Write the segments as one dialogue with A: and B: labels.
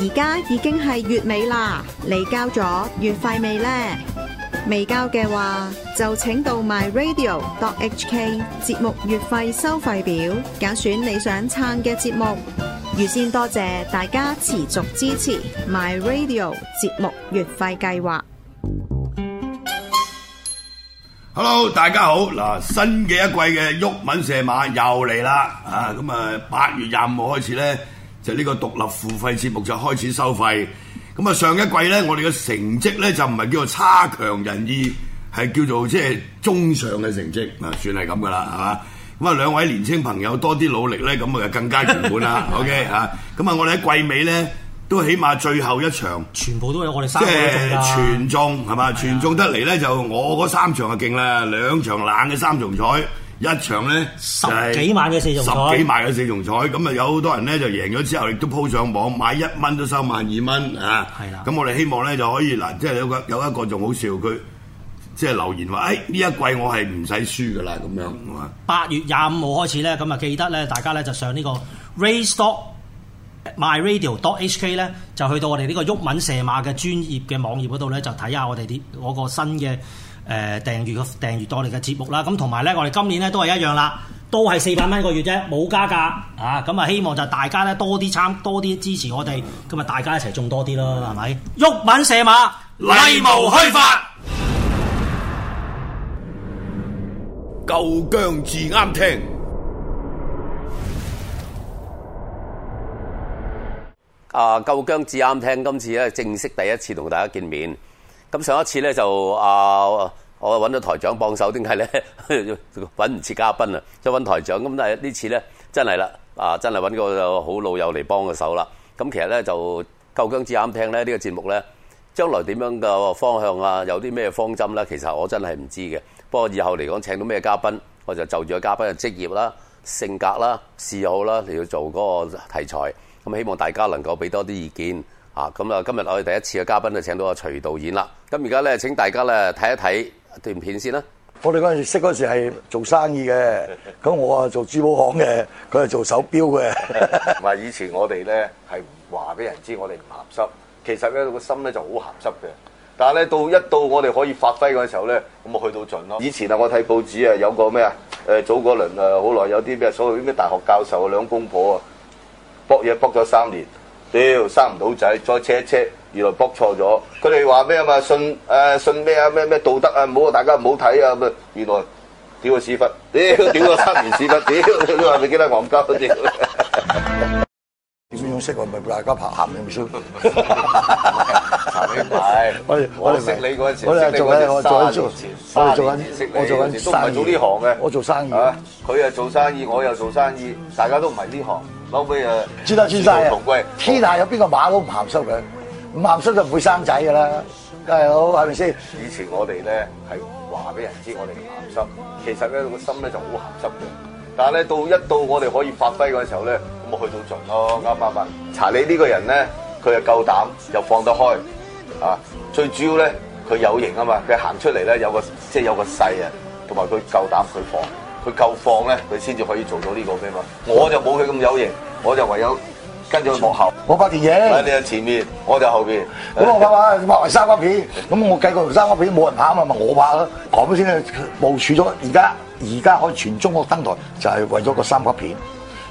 A: 而家已經係月尾啦，你交咗月費未呢？未交嘅話，就請到 My Radio dot HK 節目月費收費表，揀選你想撐嘅節目。預先多謝大家持續支持 My Radio 節目月費計劃。
B: Hello，大家好，嗱新嘅一季嘅鬱文社馬又嚟啦，啊咁啊八月廿五號開始咧。就、這、呢個獨立付費節目就開始收費，咁啊上一季呢，我哋嘅成績呢，就唔係叫做差強人意，係叫做即係中上嘅成績啊，算係咁噶啦，係嘛？咁啊兩位年青朋友多啲努力咧，咁啊更加圓滿啦。 OK 嚇、 啊，咁啊我哋喺季尾呢，都起碼最後一場，全部都有我哋三場、就是、全中係嘛？啊、全中得嚟呢，就我嗰三場就勁啦，兩場冷嘅三重彩。一場咧十幾萬嘅四重彩，十幾萬嘅四重彩，咁啊有好多人咧就贏咗之後，亦都鋪上網買一蚊都收萬二蚊啊！係啦，咁我哋希望咧就可以嗱，即係有一有一個仲好笑，佢即係留言話，誒呢一季我係唔使輸噶啦咁樣。
C: 八月廿五號開始咧，咁啊記得咧，大家咧就上呢個 raystock myradio dot hk 咧，就去
A: 到我哋呢個毓民射馬嘅專業嘅網頁嗰度咧，就睇下我哋啲我個新嘅。誒、呃、訂閱個訂越多，你嘅節目啦，咁同埋咧，我哋今年咧都係一樣啦，都係四百蚊個月啫，
C: 冇加價啊！咁啊，希望就大家咧多啲參多啲支持我哋，咁啊，大家一齊種多啲咯，係咪？玉敏射馬，威武開發
A: 夠疆治啱聽。啊，夠姜字啱聽，今次咧正式第一次同大家見面。咁上一次咧就啊，我揾咗台長幫手，點解咧揾唔切嘉賓啊，即係揾台長。咁但係呢次咧真係啦，啊真係揾個好老友嚟幫個手啦。咁其實咧就夠姜至啱聽咧，呢、呢個節目咧將來點樣嘅方向啊，有啲咩方針啦、啊，其實我真係唔知嘅。不過以後嚟講請到咩嘉賓，我就就住個嘉賓嘅職業啦、性格啦、嗜好啦嚟做嗰個題材。咁希望大家能夠俾多啲意見。啊，咁啊，今日我哋第一次嘅嘉賓就請到阿徐導演啦。咁而家咧，請大家咧睇一睇段片先啦。
B: 我哋嗰陣時識嗰時係做生意嘅，咁我啊做珠寶行嘅，佢係做手錶嘅。
C: 同 以前我哋咧係唔話俾人知我哋唔鹹濕，其實咧個心咧就好鹹濕嘅。但係咧到一到我哋可以發揮嗰時候咧，咁咪去到盡咯。以前啊，我睇報紙啊，有個咩啊？誒，早嗰輪啊，好耐有啲咩所謂啲咩大學教授啊，兩公婆啊，博嘢博咗三年。屌，生唔到仔，再車一車，原來卜錯咗。佢哋話咩啊嘛？信誒信咩啊？咩咩道德啊？唔好話大家唔好睇啊咁啊！原來屌個屎忽，屌屌個三年屎忽，屌你話你幾多戇鳩？屌，
B: 你識我唔咪大家爬鹹嘅，我哋識你嗰
C: 陣時，我哋做緊我做緊做緊，我做緊，我做緊生意都唔係做呢行嘅。我做生意啊，佢又做生意、嗯，我又做生意，嗯、大家都唔係呢行。後屘啊，朱德先生啊，
B: 天下有邊個馬騮唔鹹濕嘅？唔鹹濕就唔會生仔噶啦，梗係好，係咪先？以前我哋咧係
C: 話俾人知我哋唔鹹濕，其實咧個心咧就好鹹濕嘅，但係咧到一到我哋可以發揮嘅時候咧，咁啊去到盡咯。啱唔啱？查理呢個人咧，佢係夠膽又放得開，啊，最主要咧佢有型啊嘛，佢行出嚟咧有個即係、就是、有個勢啊，同埋佢夠膽去放。佢夠放咧，佢先至可以做到呢個咩嘛？我就冇佢咁有型，我就唯有跟住去幕後
B: 我拍電影，你係
C: 前面，我就後邊。
B: 咁我拍拍拍為三級極片，咁 我計過三級片冇 人拍啊嘛，就是、我拍咯。咁先部署咗，而家而家可以全中國登台，就係、是、為咗個三級片。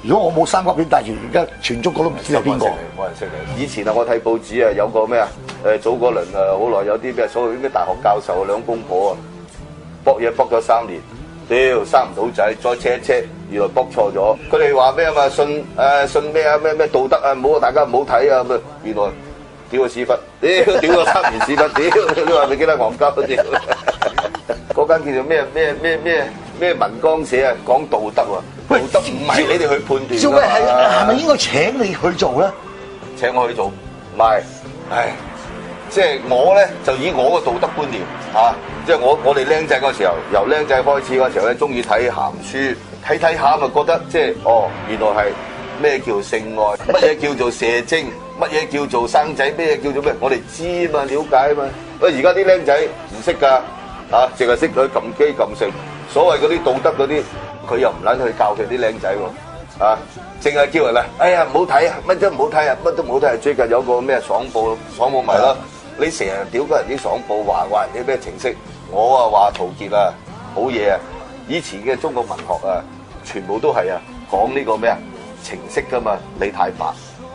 B: 如果我冇三級片，但係而家全中國都唔知有邊個。冇人識
C: 你。以前啊，我睇報紙啊，有個咩啊？誒，早嗰輪啊，好耐有啲咩所謂啲咩大學教授啊，兩公婆啊，搏嘢搏咗三年。屌，生唔到仔，再車一車，原來卜錯咗。佢哋話咩啊嘛？信誒信咩啊？咩咩道德啊？唔好大家唔好睇啊咁啊。原來屌個屎忽，屌屌個三元屎忽，屌你話咪幾多鵪鶉都屌？嗰間叫做咩咩咩咩咩明光社啊，講道德喎。喂，唔係你哋去判斷。做咩係係咪
B: 應該請你去做咧？
C: 請我去做？唔係，係。即係我咧就以我嘅道德觀念嚇、啊，即係我我哋僆仔嗰時候，由僆仔開始嗰時候咧，中意睇鹹書，睇睇下咪覺得即係哦，原來係咩叫性愛，乜 嘢叫做射精，乜嘢叫做生仔，咩叫做咩？我哋知嘛，了解嘛。而家啲僆仔唔識㗎，啊淨係識佢撳機撳性。所謂嗰啲道德嗰啲，佢又唔撚去教佢啲僆仔喎，嚇、啊，淨係叫人呢，哎呀，唔好睇啊，乜都唔好睇啊，乜都唔好睇呀。最近有個咩爽報爽報咪咯。你成日屌嗰人啲爽報話話人哋咩情色？我啊話陶傑啊好嘢啊！以前嘅中國文學啊，全部都係啊講呢個咩啊情色㗎噶嘛。李太白、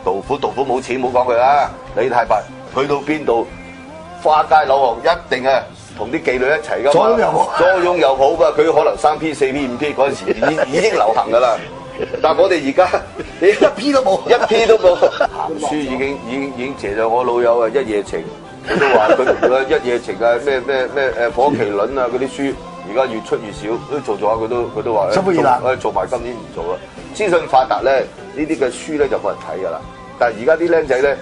C: 杜甫，杜甫冇錢，唔好講佢啦。李太白去到邊度花街柳巷一定啊同啲妓女一齊噶嘛。左容又好，妝容又好噶，佢可能三 P 四 P 五 P 嗰陣時已已經流行噶啦。 但係我哋而家你一 P 都冇，一 P 都冇。鹹書已經已經已經借咗我老友啊一夜情。佢 都話佢一夜情啊，咩咩咩誒，火麒麟啊，嗰啲書而家越出越少，做做佢都做咗，佢都佢都話，做啦。誒，做埋今年唔做啦。資訊發達咧，呢啲嘅書咧就冇人睇噶啦。但係而家啲僆仔咧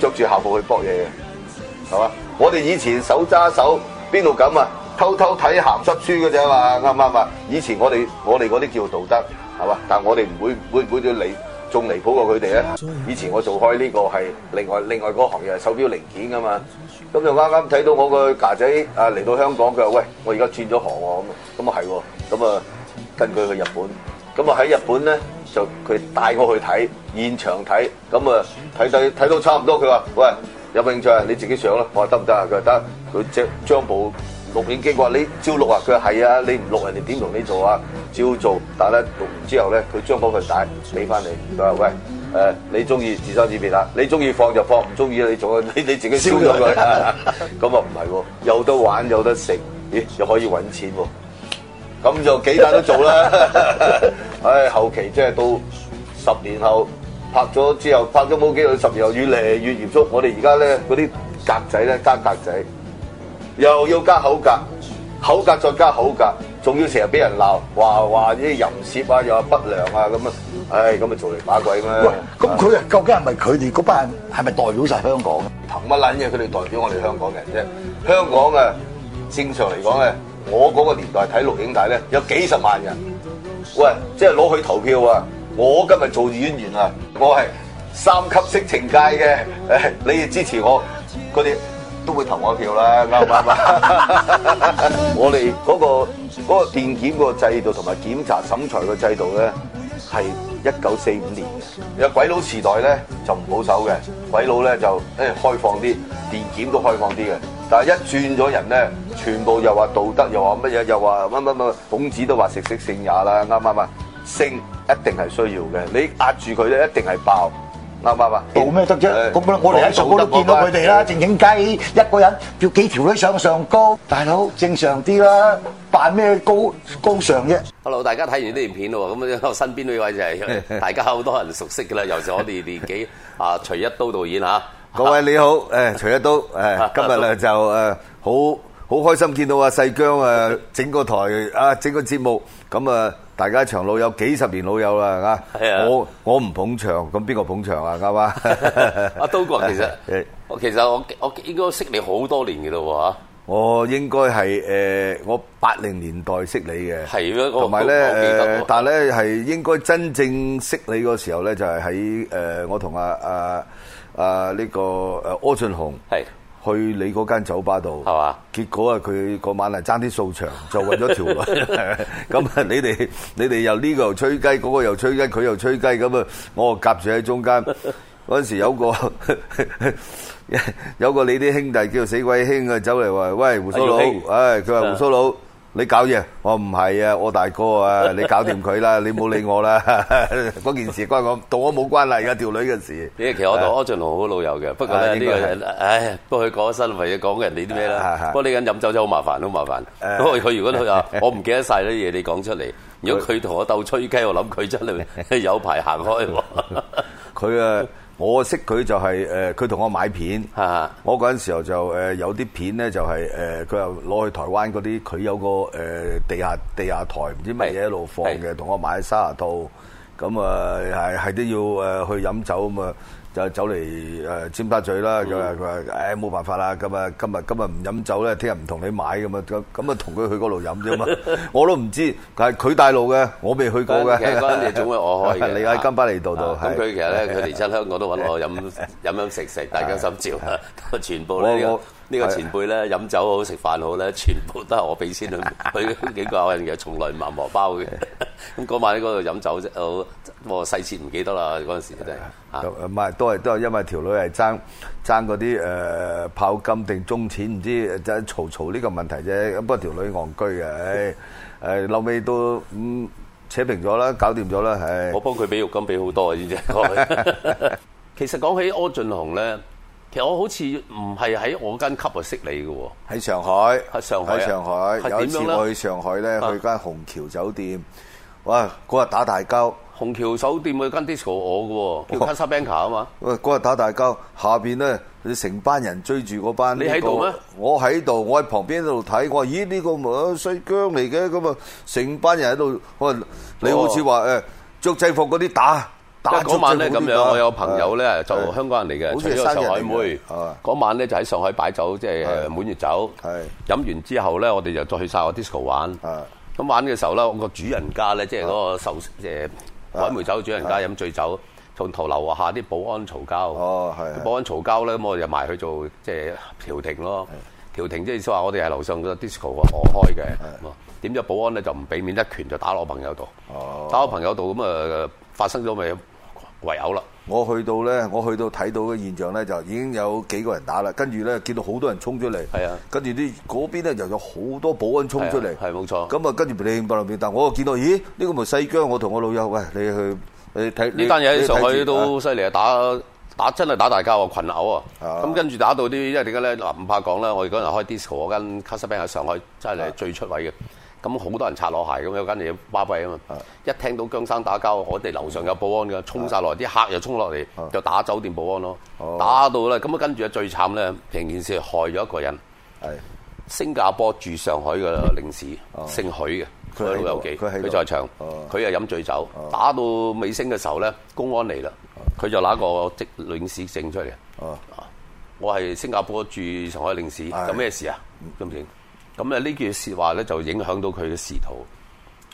C: 着住校服去搏嘢嘅，係嘛？我哋以前手揸手邊度咁啊，偷偷睇鹹濕書嘅啫嘛，啱唔啱啊？以前我哋我哋嗰啲叫道德，係嘛？但係我哋唔會會唔會要理。仲離譜過佢哋咧！以前我做開呢個係另外另外嗰行業係手錶零件噶嘛，咁就啱啱睇到我個架仔啊嚟到香港，佢話喂，我而家轉咗行喎、啊、咁，咁啊係喎，咁啊跟佢去日本，咁啊喺日本咧就佢帶我去睇現場睇，咁啊睇睇睇到差唔多，佢話喂，有，有興趣你自己上啦，我話得唔得啊？佢話得，佢只張保。錄影機，我話你照錄啊，佢話係啊，你唔錄人哋點同你做啊？照做，但係咧錄完之後咧，佢將嗰份帶俾翻你，佢話喂，誒、呃、你中意自生自滅啦，你中意放就放，唔中意你做，你你自己燒咗佢。咁啊唔係喎，有得玩有得食，咦又可以揾錢喎、啊，咁就幾大都做啦。唉、 哎，後期即係到十年後拍咗之後，拍咗冇幾耐，十年後越嚟越嚴肅。我哋而家咧嗰啲格仔咧加格仔。又要加口格，口格再加口格，仲要成日俾人鬧，話話啲淫褻啊，又話不良啊咁啊，
B: 唉咁咪做嚟把鬼咩？喂，咁佢啊，究竟係咪佢哋嗰班人，係咪代表晒香港？
C: 憑乜撚嘢佢哋代表我哋香港人啫？香港啊，正常嚟講咧，我嗰個年代睇錄影帶咧，有幾十萬人。喂，即係攞去投票啊！我今日做演員啊我係三級色情界嘅，誒，你要支持我嗰啲。都會投我票啦，啱唔啱啊？我哋嗰個嗰個電檢個制度同埋檢查審裁個制度咧，係一九四五年嘅。有鬼佬時代咧就唔保守嘅，鬼佬咧就誒開放啲，電檢都開放啲嘅。但係一轉咗人咧，全部又話道德，又話乜嘢，又話乜乜乜，孔子都話食色性也啦，啱唔啱啊？性一定係需要嘅，你壓住佢咧一定係爆。冇辦
B: 法，做咩得啫？咁咪我哋喺上高都見到佢哋啦，靜靜雞一個人叫幾條女上上高，大佬正常啲啦，扮咩高高尚啫
A: ？Hello，大家睇完呢段片啦喎，咁啊，我身邊呢位就係大家好多人熟悉噶啦，又是我哋年紀啊，徐一刀導演吓。各位
C: 你好，誒徐一刀，誒今日咧就誒好好開心見到阿細姜誒整個台啊整個節目咁誒。大家長老友幾十年老友啦，嚇、啊！我我唔捧場，咁邊個捧場啊？啱啱？阿
A: 刀、啊、哥其實，我其實我我應該識你好多年嘅咯嚇。我應該係誒，我八零、呃、年代識你嘅。係同埋咧誒，
C: 但咧係應該真正識你嘅時候咧，就係喺誒，我同阿阿阿呢個阿、啊、柯俊雄。係。去你嗰間酒吧度，係嘛？結果啊，佢嗰晚係爭啲掃場，就為咗條路。咁 啊， 你哋你哋又呢個又吹雞，嗰個又吹雞，佢又吹雞，咁啊，我啊夾住喺中間。嗰 陣時有個 有個你啲兄弟叫死鬼兄啊，走嚟話：喂，胡鬚佬，唉，佢話胡鬚佬。 你搞嘢，我唔係啊！我大哥啊，你搞掂佢啦， 你冇理我啦。嗰 件事我我關我，同我冇關係㗎條女嘅事。其實我同柯
A: 俊豪好老友嘅，不過咧呢、啊呢個、人唉，不過佢講身為嘢講人哋啲咩啦。不過你緊飲酒真好麻煩，好麻煩。啊、不過佢如果佢話、啊、我唔記得晒啲嘢，你講出嚟。如果佢同我鬥吹雞，我諗佢真係，有排行開。佢啊～
C: 我識佢就係、是、誒，佢同我買片，是是是我嗰陣時候就誒有啲片咧就係、是、誒，佢又攞去台灣嗰啲，佢有個誒地下地下台，唔知乜嘢一路放嘅，同我買卅套，咁啊係係都要誒去飲酒咁啊。就走嚟誒尖巴嘴啦！佢話佢話誒冇辦法啦！咁啊今日今日唔飲酒咧，聽日唔同你買咁啊咁咁啊同佢去嗰度飲啫嘛！我都唔知，但係佢帶路嘅，我未去過嘅。其實嗰單嘢總係我開嘅。你喺金巴利道度，咁佢其實咧，佢嚟
A: 親香港都揾我飲飲飲食食，大家心照啦。全部呢個呢個前輩咧飲酒好食飯好咧，全部都係我俾錢佢，佢幾個客人嘅從來冇荷包嘅。咁嗰晚喺嗰度飲酒啫，好。我、哦、細節唔記得啦，嗰陣時真
C: 係。唔係、啊、都係都係因為條女係爭爭嗰啲誒炮金定中錢，唔知就嘈嘈呢個問題啫。不過條女戇居嘅，後 尾、哎、都、嗯、扯平咗啦，搞掂咗啦。唉，我
A: 幫佢俾肉金俾好多先啫。 其實講起柯俊雄咧，其實我好似唔係喺我間級啊識你嘅喎。喺上海，喺上海，上海，上海，上海。有一次我去
C: 上海咧，去間虹橋酒店，啊、哇！嗰日打大交。虹橋
A: 酒店嘅間 disco 我㗎喎，叫 Casablanca 啊嘛。
C: 喂，嗰日打大交，下面咧成班人追住嗰班。你喺度咩？我喺度，我喺旁邊喺度睇。過咦，呢、這個咪衰姜嚟嘅，咁啊成班人喺度。你好似話誒著制服嗰啲打。打嗰晚咧咁樣，我有朋友咧就香港人嚟嘅，娶咗上海妹。
A: 嗰晚咧就喺上海擺酒，即係滿月酒。飲完之後咧，我哋就再去晒個 disco 玩。咁玩嘅時候咧，我個主人家咧即係嗰個壽誒。揾梅酒，主人家飲、啊、醉酒，從頭樓下啲保安嘈交。哦，係。保安嘈交咧，咁我就埋去做即係調停咯。調停即係意思話，我哋係樓上個 disco 我開嘅。係。咁啊，點知保安咧就唔俾面，一拳就打落我朋友度。哦。打我朋友度，咁、呃、啊發生咗咩？唯有啦！
C: 我去到咧，我去到睇到嘅現象咧，就已經有幾個人打啦。跟住咧，見到好多人衝出嚟。係啊，跟住啲嗰邊咧就有好多保安衝出嚟。係冇錯就。咁啊，跟住另外邊打，我又見到咦？呢、呢個唔係西姜，我同我老友喂、哎，你去你睇呢單嘢喺上海都
A: 犀利啊！打打真係打大交啊，群毆啊。咁跟住打到啲，因為點解咧？嗱，唔怕講啦，我哋嗰陣開 disco 嗰間 Casablanca 喺上海，真係最出位嘅。咁好多人擦落鞋咁，有間嘢巴閉啊嘛！一聽到姜生打交，我哋樓上有保安嘅，衝晒落，啲客又衝落嚟，就打酒店保安咯、啊，打到啦咁啊，跟住咧最慘咧，成件事害咗一個人，新加坡駐上海嘅領事，姓許嘅佢老友記，佢在場，佢又飲醉酒、啊，打到尾聲嘅時候咧，公安嚟啦，佢、啊、就攞個職領事證出嚟、啊，我係新加坡駐上海領事，有咩事啊？咁點？咁呢句説話咧就影響到佢嘅仕途，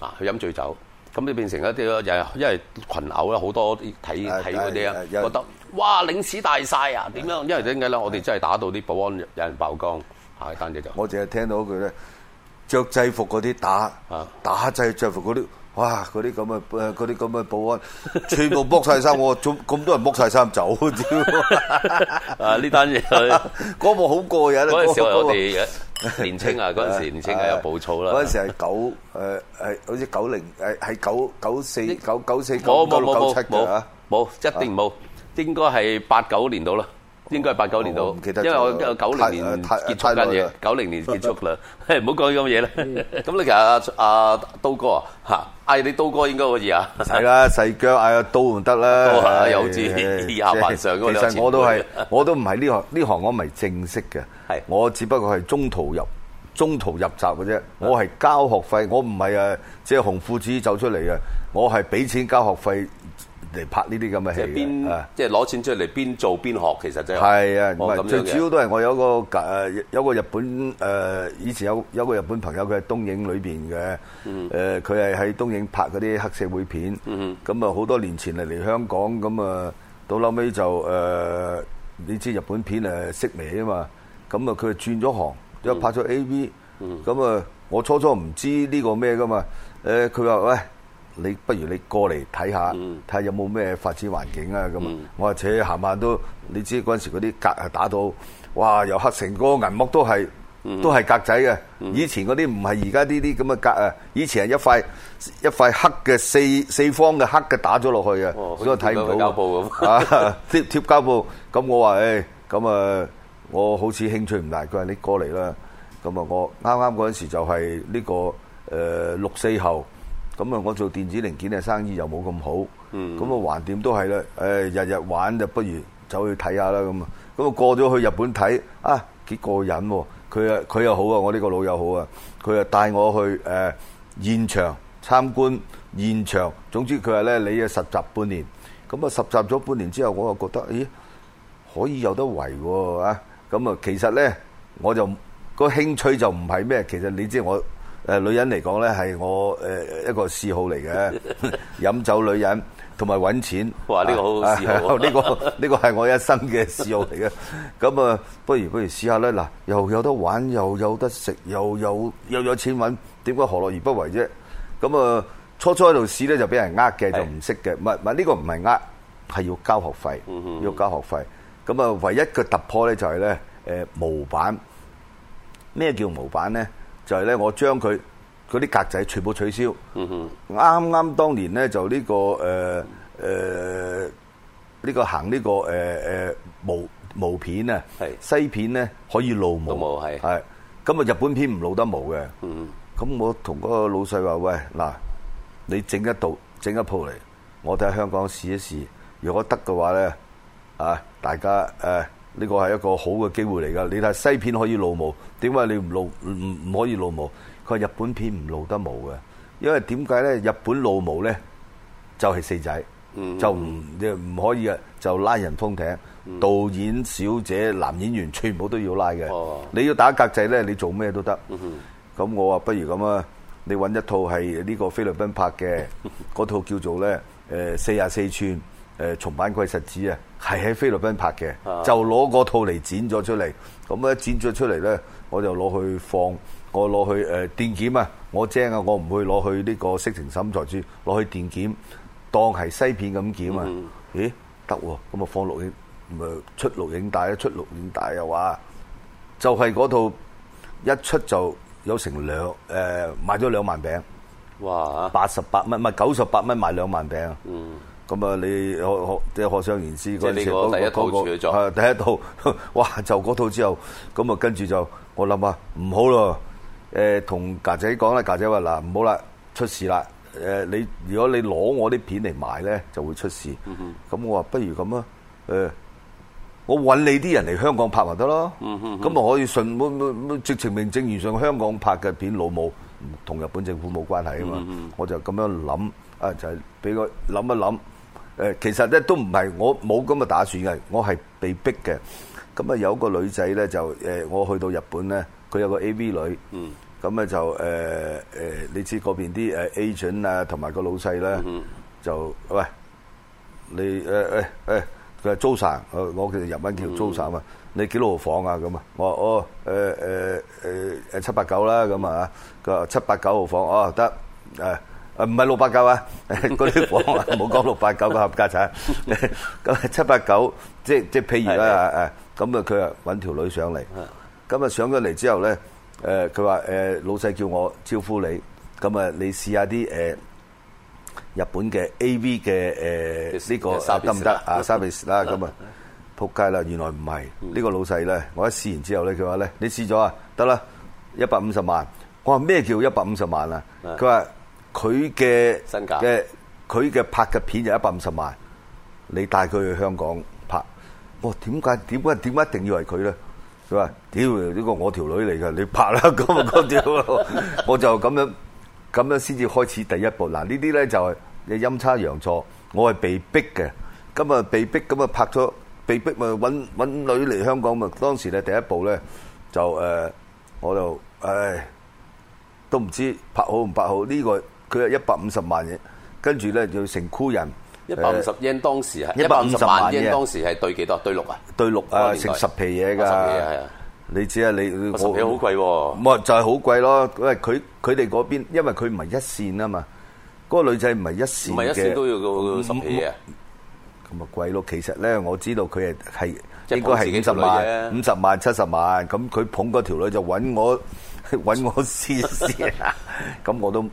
A: 啊，佢飲醉酒，咁你變成一啲咧，又係因為群毆咧，好多啲睇睇嗰啲啊，覺得哇領事大晒啊，點樣？因為點解咧？我哋真係打到啲保安有人爆缸，係單嘅就。我淨係聽到佢咧著
C: 制服嗰啲打，打制著服嗰啲。哇！嗰啲咁嘅誒，嗰啲咁嘅保安，全部剝曬衫，我做咁多人剝曬衫走啊！屌
A: 啊！呢單嘢嗰幕好過癮啊！嗰陣時我哋年青啊，嗰陣時年青係有暴躁啦。嗰陣
C: 時係九誒係好似九零誒係九九四九九四九九七嘅嚇，
A: 冇一定冇，應該係八九年到啦，應該係八九年到。其實因為我九零年結束嗰單嘢，九零年結束啦。唔好講啲咁嘅嘢啦。咁你其實阿阿刀哥啊嚇。哎，你刀哥應該可以啊！係
C: 啦，細腳哎，哎，刀唔得啦，有志氣下還上。其實我都係， 我都唔係呢行呢行，這行我唔係正式嘅。的我只不過係中途入中途入閘嘅啫，我係交學費，我唔係啊，即係紅褲子走出嚟嘅，我係俾錢交學費，
A: 嚟拍呢啲咁嘅戲，即係即係攞錢出嚟邊做邊學，其實就係，我咁樣嘅。最主要都
C: 係我有個誒有個日本誒、呃、以前有有個日本朋友，佢喺東映裏邊嘅，誒佢係喺東映拍嗰啲黑社會片，咁啊好多年前嚟嚟香港，咁啊到後尾就誒、呃、你知日本片誒式微啊嘛，咁啊佢轉咗行，因為拍咗 AV，咁啊我初初唔知呢個咩噶嘛，誒佢話喂。你不如你過嚟睇下，睇、嗯、下有冇咩發展環境啊？咁、嗯、我話且行下都，你知嗰陣時嗰啲格係打到，哇！又黑成個銀幕都係、嗯，都係格仔嘅、嗯。以前嗰啲唔係而家呢啲咁嘅格啊，以前係一塊一塊黑嘅四四方嘅黑嘅打咗落去啊、哦，所以睇唔到啊。膠布咁，貼貼膠布。咁 我話誒，咁、哎、啊，我好似興趣唔大。佢話你過嚟啦，咁啊，我啱啱嗰陣時就係呢個誒六四後。咁啊，我做電子零件嘅生意又冇咁好，咁啊，橫掂都係啦。誒，日日玩就不如走去睇下啦咁啊。咁啊過咗去日本睇啊，幾過癮喎！佢啊佢又好啊，我呢個老友好啊。佢啊帶我去誒、呃、現場參觀現場，總之佢話咧，你要實習半年。咁啊實習咗半年之後，我又覺得，咦，可以有得為喎啊！咁啊其實咧，我就、個興趣就唔係咩，其實你知我。誒、呃，女人嚟講咧，係我誒、呃、一個嗜好嚟嘅，飲 酒、女人同埋搵錢。哇！呢、呢個好好、啊啊啊啊、笑呢、呢個呢、呢個係我一生嘅嗜好嚟嘅。咁 啊，不如不如試下咧，嗱，又有得玩，又有得食，又有又有錢搵，點解何樂而不為啫？咁啊，初初喺度試咧就俾人呃嘅，就唔識嘅。唔係唔係呢個唔係呃，係要交學費、嗯，要交學費。咁啊，唯一嘅突破咧就係、是、咧，誒、呃、模板。咩叫模板咧？就係咧，我將佢嗰啲格仔全部取消。啱、嗯、啱當年咧、這個，就呢個誒誒呢個行呢、這個誒、呃、毛毛片啊，西片咧可以露毛，係咁啊，日本片唔露得毛嘅。咁、嗯、我同嗰個老細話，喂，嗱，你整一度，整一鋪嚟，我睇下香港試一試。如果得嘅話咧，啊，大家誒。呃呢個係一個好嘅機會嚟噶，你睇西片可以露毛，點解你唔露唔唔可以露毛？佢話日本片唔露得毛嘅，因為點解咧？日本露毛咧就係、是、四仔，嗯嗯就唔唔可以嘅，就拉人封艇。嗯、導演小姐、嗯、男演員全部都要拉嘅。啊啊你要打格仔咧，你做咩都得。咁、嗯、我話不如咁啊，你揾一套係呢個菲律賓拍嘅，嗰套叫做咧誒四廿四寸。呃誒《松板桂實子》啊，係喺菲律賓拍嘅，啊、就攞個套嚟剪咗出嚟，咁咧剪咗出嚟咧，我就攞去放，我攞去誒、呃、電檢啊，我正啊，我唔會攞去呢個色情審裁處，攞去電檢當係西片咁檢啊，嗯、咦得喎，咁啊放錄影，咪出錄影帶，出錄影帶又話，就係、是、嗰套一出就有成兩誒賣咗兩萬餅，哇，八十八蚊唔係九十八蚊賣兩萬餅啊。嗯咁啊，你可即係可想而知嗰次，係第、那個、第一套，哇！就嗰套之後，咁啊、呃，跟住就我諗啊，唔好咯。誒，同格仔講啦，格仔話嗱，唔好啦，出事啦。誒、呃，你如果你攞我啲片嚟賣咧，就會出事。咁、嗯、我話不如咁啊，誒、呃，我揾你啲人嚟香港拍咪得咯。
A: 咁、嗯、啊，可
C: 以順，直情名正言順香港拍嘅片老母同日本政府冇關係啊嘛。我就咁樣諗啊，就係俾佢諗一諗。誒其實咧都唔係我冇咁嘅打算嘅，我係被逼嘅。咁啊，有個女仔咧就誒，我去到日本咧，佢有個 AV 女，咁、嗯、咧就誒誒、呃，你知嗰邊啲誒 agent 啊同埋個老細咧，嗯、就喂你誒誒誒，佢係租曬，我我叫做日文叫租曬嘛。嗯、你幾多號房啊？咁啊，我話哦誒誒誒誒七八九啦咁啊，佢話七八九號房哦得誒。誒唔係六百九啊！誒嗰啲講啊，冇講六百九個合家產，咁七百九，即即譬如啦誒，咁啊佢啊揾條女上嚟，咁啊上咗嚟之後咧，誒佢話誒老細叫我招呼你，咁啊你試下啲誒日本嘅 A.V. 嘅誒呢個得唔得啊？service 啦，咁啊，撲街啦！原來唔係呢個老細咧，我一試完之後咧，佢話咧你試咗啊，得啦一百五十萬，我話咩叫一百五十萬啊？佢話。佢嘅身價嘅，佢嘅拍嘅片就一百五十萬，你帶佢去香港拍，哇！點解點解點解一定要係佢咧？佢話：屌呢個我條女嚟㗎，你拍啦，咁啊咁屌！我就咁樣咁樣先至開始第一步。嗱，呢啲咧就係你陰差陽錯，我係被逼嘅。咁啊被逼咁啊拍咗，被逼咪揾揾女嚟香港咪。當時咧，第一步咧就誒，我就唉都唔知拍好唔拍好呢個。佢係一百五十萬嘅，跟住咧就成箍人一百五十日
A: 圓當時啊，一百五十萬日圓當時係兌幾多？兌六啊，
C: 兌六誒，成十皮嘢噶，十皮啊！你知啊，你十皮好貴喎。唔係就係好貴咯。喂，佢佢哋嗰邊，因為佢唔係一線啊嘛。嗰個女仔唔係一線嘅，唔係一
A: 線都要到十皮啊。
C: 咁啊貴咯。其實咧，我知道佢係係應該係幾十萬、五十萬、七十萬。咁佢捧嗰條女就揾我揾我試一試啦。咁我都。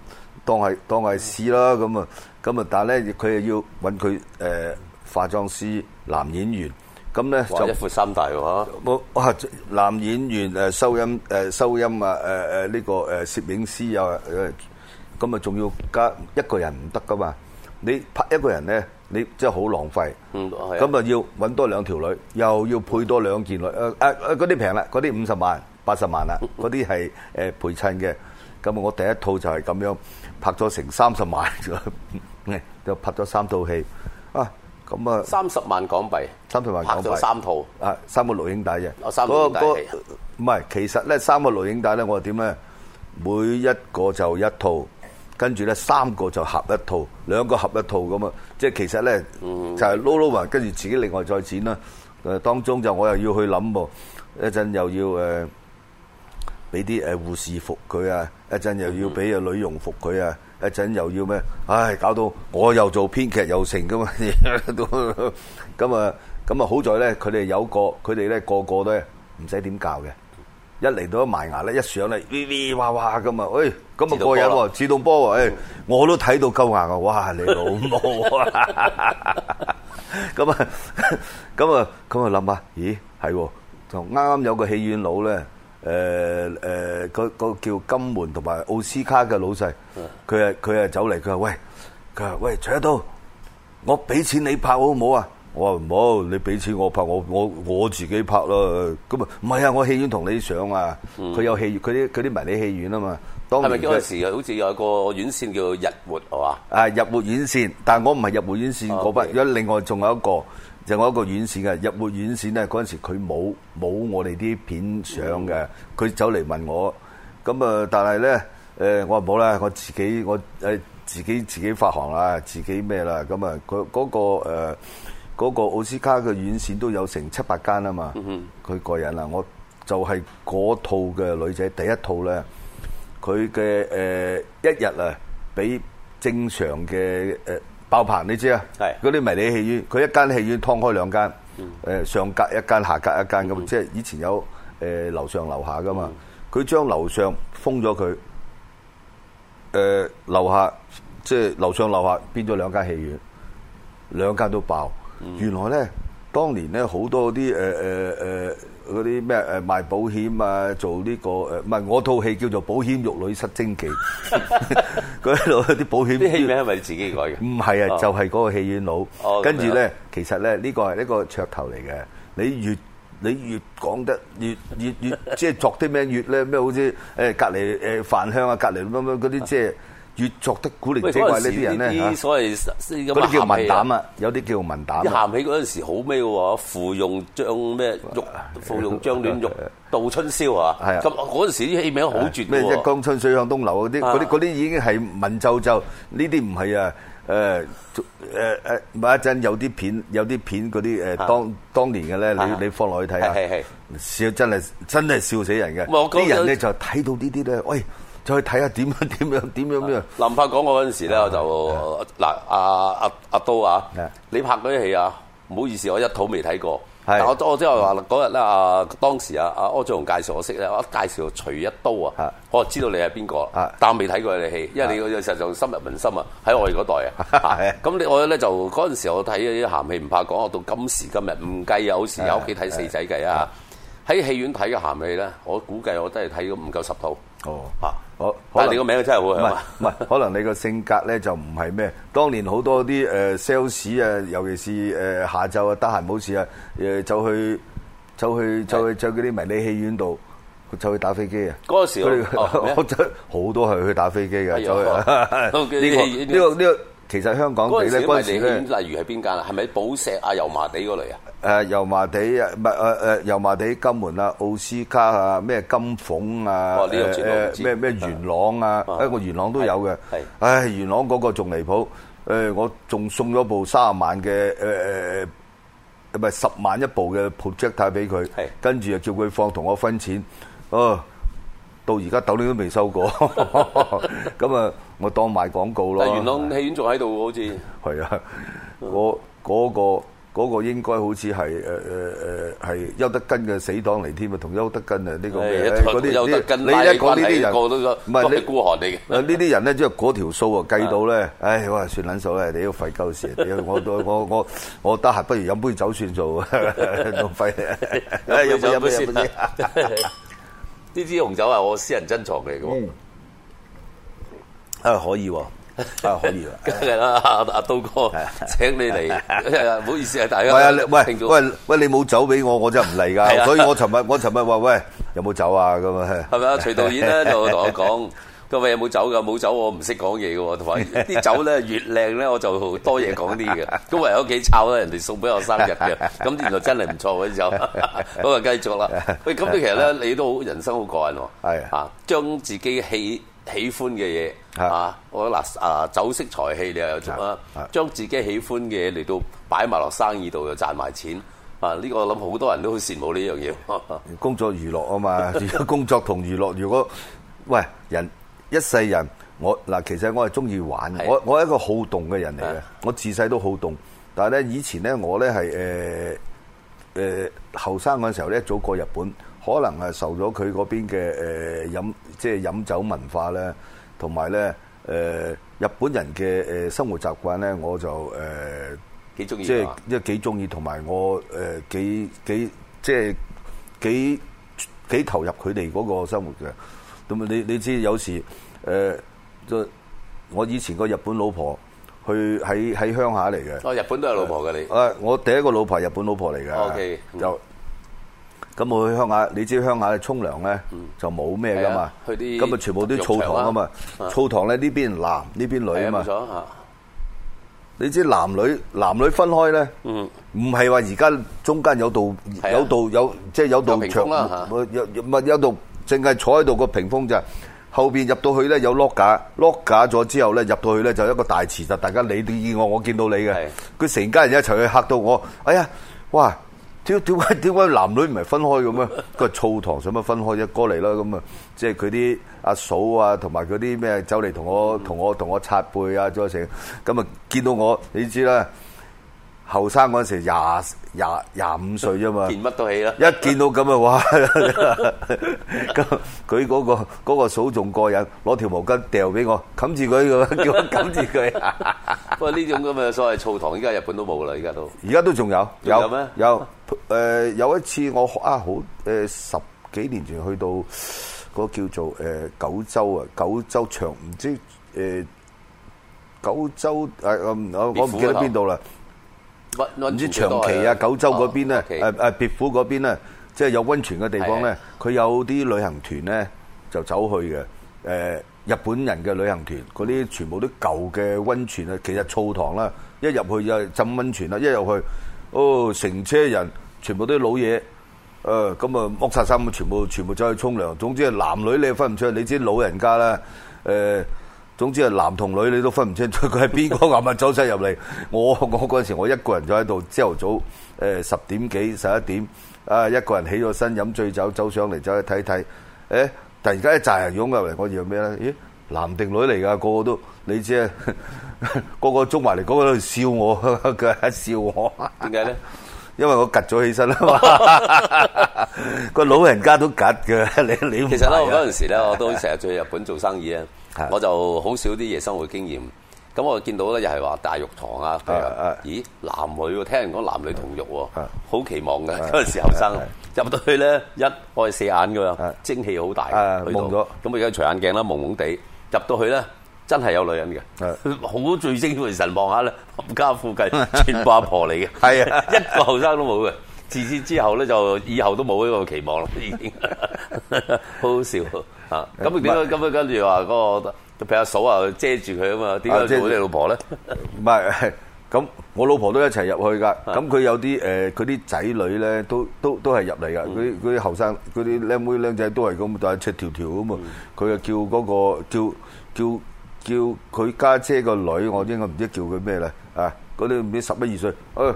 C: 當係當係試啦，咁啊，咁啊，但係咧，佢又要揾佢誒化妝師、男演員，咁咧就一闊
A: 三大喎嚇。
C: 冇啊，男演員誒收音誒收音啊誒誒呢個誒攝影師又誒，咁啊仲要加一個人唔得噶嘛。你拍一個人咧，你真係好浪費。嗯，係。咁啊要揾多兩條女，又要配多兩件女誒誒誒嗰啲平啦，嗰啲五十萬、八十萬啦，嗰啲係誒陪襯嘅。咁啊！我第一套就係咁樣拍咗成三十萬，就拍咗三套戲啊！咁啊，三十萬港幣，三十萬港幣，拍咗三套啊！三個錄影帶嘅，嗰嗰唔係，其實咧三個錄影帶咧，我係點咧？每一個就一套，跟住咧三個就合一套，兩個合一套咁啊！即係其實咧，就係撈撈埋，跟住自己另外再剪啦。誒，當中就我又要去諗喎，一陣又要誒。俾啲誒護士服佢啊！一陣又要俾啊女傭服佢啊！一陣又要咩？唉、哎，搞到我又做編劇又成㗎嘛！咁啊咁啊，好在咧，佢哋有個，佢哋咧個個都唔使點教嘅。一嚟到埋牙咧，一上嚟，哇哇咁啊！喂、欸，咁啊過癮喎！自動波喎、欸！我都睇到鳩牙啊！哇，你老母啊！咁啊咁啊咁啊諗下？咦，係喎！就啱啱有個戲院佬咧。誒、呃、誒，嗰、呃、嗰叫金門同埋奧斯卡嘅老細，佢啊佢啊走嚟，佢話喂，佢話喂徐一刀，我俾錢你拍好唔好啊？我話唔好，你俾錢我拍，我我我自己拍咯。咁啊唔係啊，我戲院同你上啊，佢有戲院，佢啲啲迷你戲院啊嘛。係咪嗰陣時
A: 候好似有一個院線叫日活係嘛？
C: 啊，日活院線，但係我唔係日活院線嗰筆，因、okay。另外仲有一個，就我一個院線嘅日活院線咧。嗰陣時佢冇冇我哋啲片相嘅，佢、嗯、走嚟問我，咁啊，但係咧，誒，我話冇啦，我自己我誒自己自己發行啦，自己咩啦，咁啊，嗰、那、嗰個誒、那個那個、奧斯卡嘅院線都有成七八間啊嘛，佢過癮啦，我就係嗰套嘅女仔第一套咧。佢嘅誒一日啊，俾正常嘅、呃、爆棚，你知啊？係嗰啲迷你戲院，佢一間戲院劏開兩間、嗯呃，上隔一間，下隔一間咁、嗯，即係以前有誒、呃、樓上樓下㗎嘛。佢、嗯、將樓上封咗佢，誒、呃、樓下即係、即係、樓上樓下變咗兩間戲院，兩間都爆。嗯、原來咧，當年咧好多嗰啲誒誒嗰啲咩誒賣保險啊，做呢、呢個誒唔係我套戲叫做《保險玉女失精記》，佢一啲保險啲戲名係咪自己改嘅？唔係啊，哦、就係嗰個戲院佬。跟住咧，哦、其實咧呢、呢個係一個噱頭嚟嘅。你越你越講得越越越，即係作啲咩越咧？咩好似誒隔籬誒飯香啊，隔籬乜乜嗰啲即係。啊越作得古靈精怪呢啲人咧
A: 嚇。嗰啲叫文膽啊，
C: 有啲叫文膽、啊。一喊
A: 起嗰陣時好咩喎？芙蓉將咩玉，芙蓉將嫩玉度 春宵啊！係啊！咁嗰陣時啲戲名好絕喎。咩
C: 江春水向東流嗰啲，嗰啲啲已經係文縐縐。呢啲唔係啊！誒誒誒，某一陣有啲片，有啲片嗰啲誒，當、啊、當年嘅咧，你你放落去睇下。係係、啊啊啊、笑真係真係笑死人嘅，啲人咧就睇到呢啲咧，喂！再睇下點樣點樣點樣咩？
A: 林發講我嗰陣時咧，我就嗱阿阿阿刀啊，你拍嗰啲戲啊，唔好意思，我一套未睇過。係我我即係話嗰日咧，阿、啊、當時啊，阿柯俊雄介紹我識咧，我一介紹徐一刀啊，我就知道你係邊個。但我未睇過你戲，因為你又實在深入民心啊，喺我哋嗰代啊。咁、啊、我咧就嗰陣時我睇啲鹹戲，唔怕講，到今時今日唔計好啊，有時有屋企睇四仔計啊，喺戲院睇嘅鹹戲咧，我估計我都係睇咗唔夠十套。哦，吓、啊、好，但係你個名真係好唔係
C: 唔係，可能你個性格咧就唔係咩？當年好多啲誒 sales 啊，尤其是誒下晝啊，得閒冇事啊，誒走去走去走去著嗰啲迷你戲院度，走去打飛機啊，嗰、那個、時佢哋好多係去打飛機噶，走去呢個呢個呢個其實香港地咧，嗰啲
A: 例如喺邊間啊？係咪寶石啊、油麻地嗰類啊？
C: 誒油麻地啊，唔係誒誒油麻地金門啊、奧斯卡啊、咩金鳳啊、誒誒咩咩元朗啊，一個、啊啊、元朗都有嘅。唉、哎、元朗嗰個仲離譜，誒、呃、我仲送咗部卅萬嘅誒誒，唔係十萬一部嘅 projector 俾佢，跟住就叫佢放同我分錢，哦、呃。到而家豆你都未收過，咁啊，我當賣廣告咯。元
A: 朗戲院仲喺度喎，好似
C: 係啊，我嗰個嗰個應該好似係誒誒誒，係邱德根嘅死黨嚟添啊，同邱德根啊呢個嘅嗰啲呢啲，你一講呢啲人
A: 唔係你孤寒嚟
C: 嘅。啊，呢啲人咧，即係嗰條數啊計到咧，唉，我話算撚數啦，你要費鳩事，我我我我我得閒不如飲杯酒算數，費飲杯先。
A: 呢支紅酒係我私人珍藏嚟
C: 嘅。嗯，啊可以啊， 啊可以啊，
A: 梗係啦，阿刀哥，請你嚟，唔， 啊、好意思啊， 大家，喂，啊，喂，
C: 喂，你冇酒俾我，我就唔嚟噶。 所以我尋日，我尋日話，喂，有冇酒啊？咁樣，係 咪啊？徐導演咧 就同我講。
A: 各位有冇酒噶？冇酒我唔識講嘢嘅喎，同埋啲酒咧越靚咧我就多嘢講啲嘅。咁 我喺屋企抄啦，人哋送俾我生日嘅，咁原來真係唔錯嘅酒。咁 啊繼續啦。喂，咁你其實咧，你都好人生好過癮喎。係啊，啊，將自己喜喜歡嘅嘢啊，我嗱啊酒色財氣你又有做啦、啊。將自己喜歡嘅嚟到擺埋落生意度又賺埋錢啊！呢、呢個我諗好多人都好羨慕呢樣嘢。
C: 工作娛樂啊嘛， 工作同娛樂。如果喂人。一世人，我嗱，其實我係中意玩嘅。我我係一個好動嘅人嚟嘅。我自細都好動。但係咧以前咧我咧係誒誒後生嗰陣時候咧，早過日本，可能啊受咗佢嗰邊嘅誒飲即係飲酒文化咧，同埋咧誒日本人嘅誒生活習慣咧，我就誒
A: 幾中意，
C: 即係即係幾中意，同埋、就是、我誒幾幾即係幾幾投入佢哋嗰個生活嘅。咁啊，你你知有時。誒、呃，我以前個日本老婆，去喺喺鄉下嚟嘅。哦，日本都有老婆嘅你。啊，我第一個老婆係日本老婆嚟嘅。哦 okay，嗯、就咁我去鄉下，你知鄉下沖涼咧就冇咩噶嘛。去啲。咁啊，全部都澡堂啊嘛。澡堂咧呢邊男呢邊女啊嘛。冇錯你知男女男女分開咧？唔係話而家中間有道有道有，即係、有道有即係有道牆啦嚇。有唔係有道，淨係坐喺度個屏風就。後邊入到去咧有 lock 架，lock 架咗之後咧入到去咧就有一個大池就大家你意外，我見到你嘅，佢成家人一齊去吓到我，哎呀，哇，點點解點解男女唔係分開咁樣？個澡堂想乜分開一過嚟啦咁啊，即係佢啲阿嫂啊，同埋嗰啲咩走嚟同我同我同我擦背啊，再成咁啊，見到我你知啦。後生嗰時廿廿廿五歲啫嘛，見乜都起啦。一見到咁啊，哇！咁佢嗰個嗰個嫂仲過癮，攞條毛巾掉俾我，冚住佢個，
A: 叫佢冚住佢。不過呢種咁嘅所謂澡堂，依家日本都冇啦，依家都。
C: 而家都仲有，有咩？有，誒，有一次我啊好，誒十幾年前去到嗰個叫做誒九州啊，九州長唔知誒九州誒，我我唔記得邊度啦。呃,總之係男同女，你都分唔清楚佢係邊個咁啊！走晒入嚟，我我嗰陣時我一個人就喺度，朝頭早誒十點幾十一點啊，一個人起咗身飲醉酒走上嚟走去睇睇，誒！突然間一扎人擁入嚟，我以為咩咧？咦，男定女嚟㗎？個個都你知啊，個個捉埋嚟，個個喺度笑我，佢喺笑我，點解咧？因為我趌咗起身啊嘛，個老人家都趌嘅，你你其實咧，我嗰陣
A: 時咧，我都成日去日本做生意啊。我就好少啲夜生活經驗，咁我見到咧又係話大浴堂啊，咦，男女聽人講男女同浴喎，啊，好期望嘅嗰陣時後生入到去咧，一開四眼㗎啦，蒸汽好大，咁我而家除眼鏡啦，濛濛地入到去咧，真係有女人嘅，好聚精會神望下咧，看看呢家附近全部阿婆嚟嘅，係啊， 一個後生都冇嘅，自此之後咧就以後都冇呢個期望啦，已經好 好笑。啊！咁點解？咁樣跟住話嗰個佢俾阿嫂啊遮住佢啊嘛？點解遮住你老婆咧？
C: 唔係，咁我老婆都一齊入去噶。咁佢有啲誒，佢啲仔女咧，都都都係入嚟噶。嗰啲啲後生，嗰啲僆妹僆仔都係咁，就係赤條條咁啊！佢、嗯、就叫嗰個叫叫叫佢家姐個女，我應該唔知叫佢咩咧啊！嗰啲唔知十一二歲，誒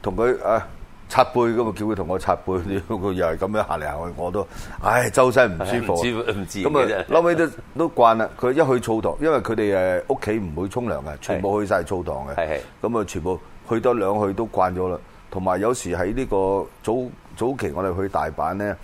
C: 同佢啊。擦背咁啊，叫佢同我擦背，佢又係咁樣行嚟行去，我都唉周身唔舒服。唔
A: 知咁啊，後尾都
C: 都慣啦。佢一去澡堂，因為佢哋誒屋企唔會沖涼嘅，全部去晒澡堂嘅。係係。咁啊，全部去多兩去都慣咗啦。同埋有，有時喺呢個早早期我哋去大阪咧，誒、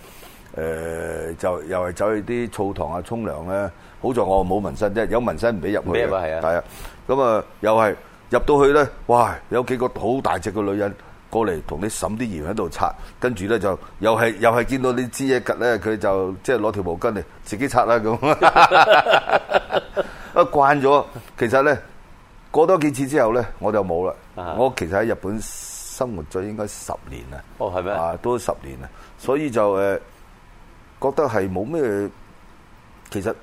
C: 呃、就又係走去啲澡堂啊沖涼咧。好在我冇紋身啫，有紋身唔俾入去。咩話啊？係啊。咁啊，又係入到去咧，哇！有幾個好大隻嘅女人。過嚟同你沈啲鹽喺度擦，跟住咧就又係又係見到你黐一嚿咧，佢就即係攞條毛巾嚟自己擦啦咁。啊 慣咗，其實咧過多幾次之後咧，我就冇啦、啊。我其實喺日本生活咗應該十年啦。哦，係咩？啊，都十年啦，所以就誒覺得係冇咩。其實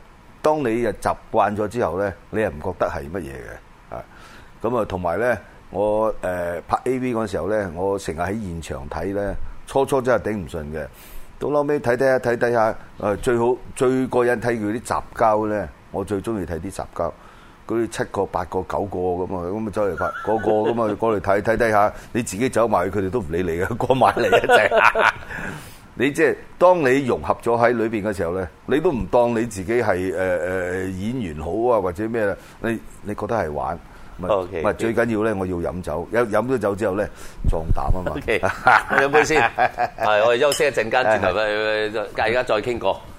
C: 當你誒習慣咗之後咧，你又唔覺得係乜嘢嘅啊？咁啊，同埋咧。我誒、欸、拍 A.V 嗰時候咧，我成日喺現場睇咧，初初真係頂唔順嘅。到後尾睇睇下睇睇下，誒、呃、最好最過癮睇佢啲雜交咧，我最中意睇啲雜交。嗰啲七個八個九個咁啊，咁啊走嚟拍個個咁啊過嚟睇睇睇下，你自己走埋去，佢哋都唔理你嘅，過埋嚟一隻。你即係當你融合咗喺裏邊嘅時候咧，你都唔當你自己係誒誒演員好啊，或者咩？你你覺得係玩？唔係、okay, okay. 最緊要咧，我要飲酒。一飲咗酒之後咧，壯膽啊嘛。飲、okay, 杯先
A: 係我哋休息一陣間，轉頭去。隔 而家再傾過。